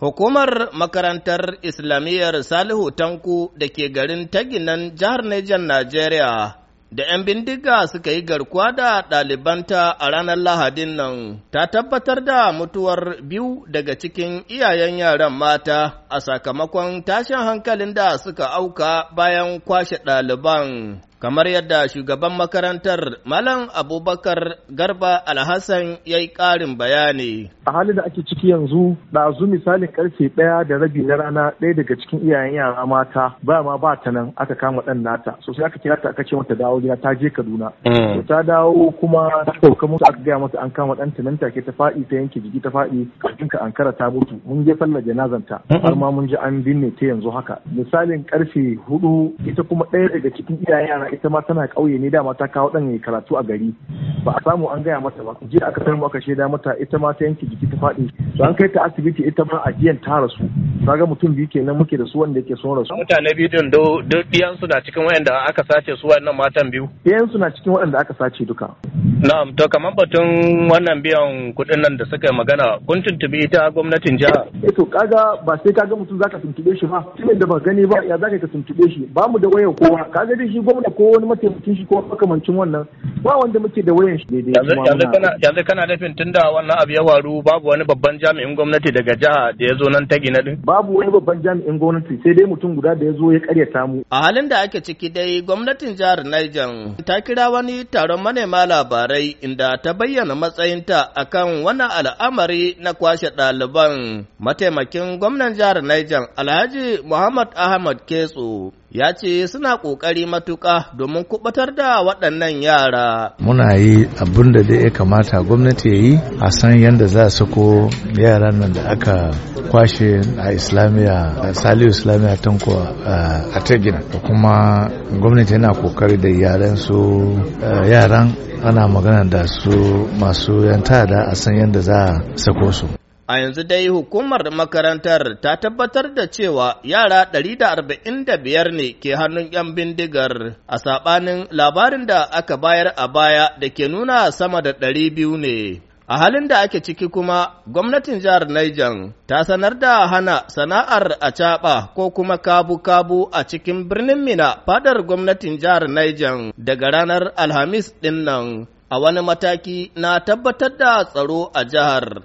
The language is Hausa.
Hukumar makarantar Islamiyyar Salihu Tanku da ke garin Taginan jihar Nijar Najeriya da ‘yan bindiga suka yi garkuwa da ɗalibanta a ranar Lahadin nan ta tabbatar da mutuwar biyu daga cikin iyayen yaran mata a sakamakon tashin hankalin da suka auka bayan kwashe ɗaliban. kamar yadda shugaban makarantar Malam Abubakar Garba Alhassan ya yi ƙarin bayani. A halin da ake ciki yanzu, ɗazu misalin karfe ɗaya da rabi na rana ɗaya daga cikin iyayen yara mata ba ma ba ta nan aka kama ɗan nata. Sosai aka kira ta aka ce mata dawo gida ta je Kaduna. Mm. Ta dawo kuma ta sauka musu aka gaya mata an kama ɗan ta nan take ta faɗi ta yanke jiki ta faɗi kafin ka ankara ta mutu. Mun je sallar ta. har ma mun je an binne ta yanzu haka. Misalin karfe hudu ita kuma ɗaya daga cikin iyayen yara ita ma tana ƙauye ne dama ta kawo ɗan karatu a gari ba a samu an gaya mata ba jiya aka samu aka shaida mata ita ma ta yanke jiki ta faɗi to an kai ta asibiti ita ma ajiyan ta rasu ga mutum biyu kenan muke da su wanda yake son rasu mutane biyu don duk su na cikin waɗanda aka sace su wannan matan biyu diyan su na cikin waɗanda aka sace duka na'am to kamar batun wannan biyan kuɗin nan da suka magana kun tuntubi ita gwamnatin jiha eh to kaga ba sai kaga mutum zaka tuntube shi ba tunda da ba gani ba ya zaka ka tuntube shi ba mu da wayar kowa kaga dai shi gwamna ko wani mataimakin shi ko makamancin wannan ba wanda muke da wayan shi daidai yanzu kana nufin tunda wannan abu ya waru babu wani babban jami'in gwamnati daga jiha da ya zo nan ta gina din babu wani babban jami'in gwamnati sai dai mutum guda da ya zo ya karyata mu. A halin da ake ciki dai gwamnatin jihar Niger ta kira wani taron manema labarai inda ta bayyana matsayinta akan wani al'amari na kwashe ɗaliban mataimakin gwamnan jihar Niger Alhaji Muhammad Ahmad Ketso ya ce suna ƙoƙari matuƙa domin kubatar da waɗannan yara. Muna yi abin da ya kamata gwamnati ya yi a san yadda za su ko yaran nan da aka kwashe a islamiyya saliyu islamiyya tanko a tegina kuma gwamnati yana kokari da yaran su yaran ana magana da su masu yanta da a san yadda za a sako su. A yanzu dai hukumar makarantar ta tabbatar da cewa yara 145 ne ke hannun 'yan bindigar a saɓanin labarin da aka bayar a baya da ke nuna sama da 200 ne. A halin da ake ciki kuma, gwamnatin jihar Niger ta sanar da hana sana'ar acaɓa ko kuma kabu-kabu a cikin birnin Mina fadar gwamnatin jihar Niger daga ranar Alhamis ɗin nan a wani mataki na tabbatar da tsaro a jihar.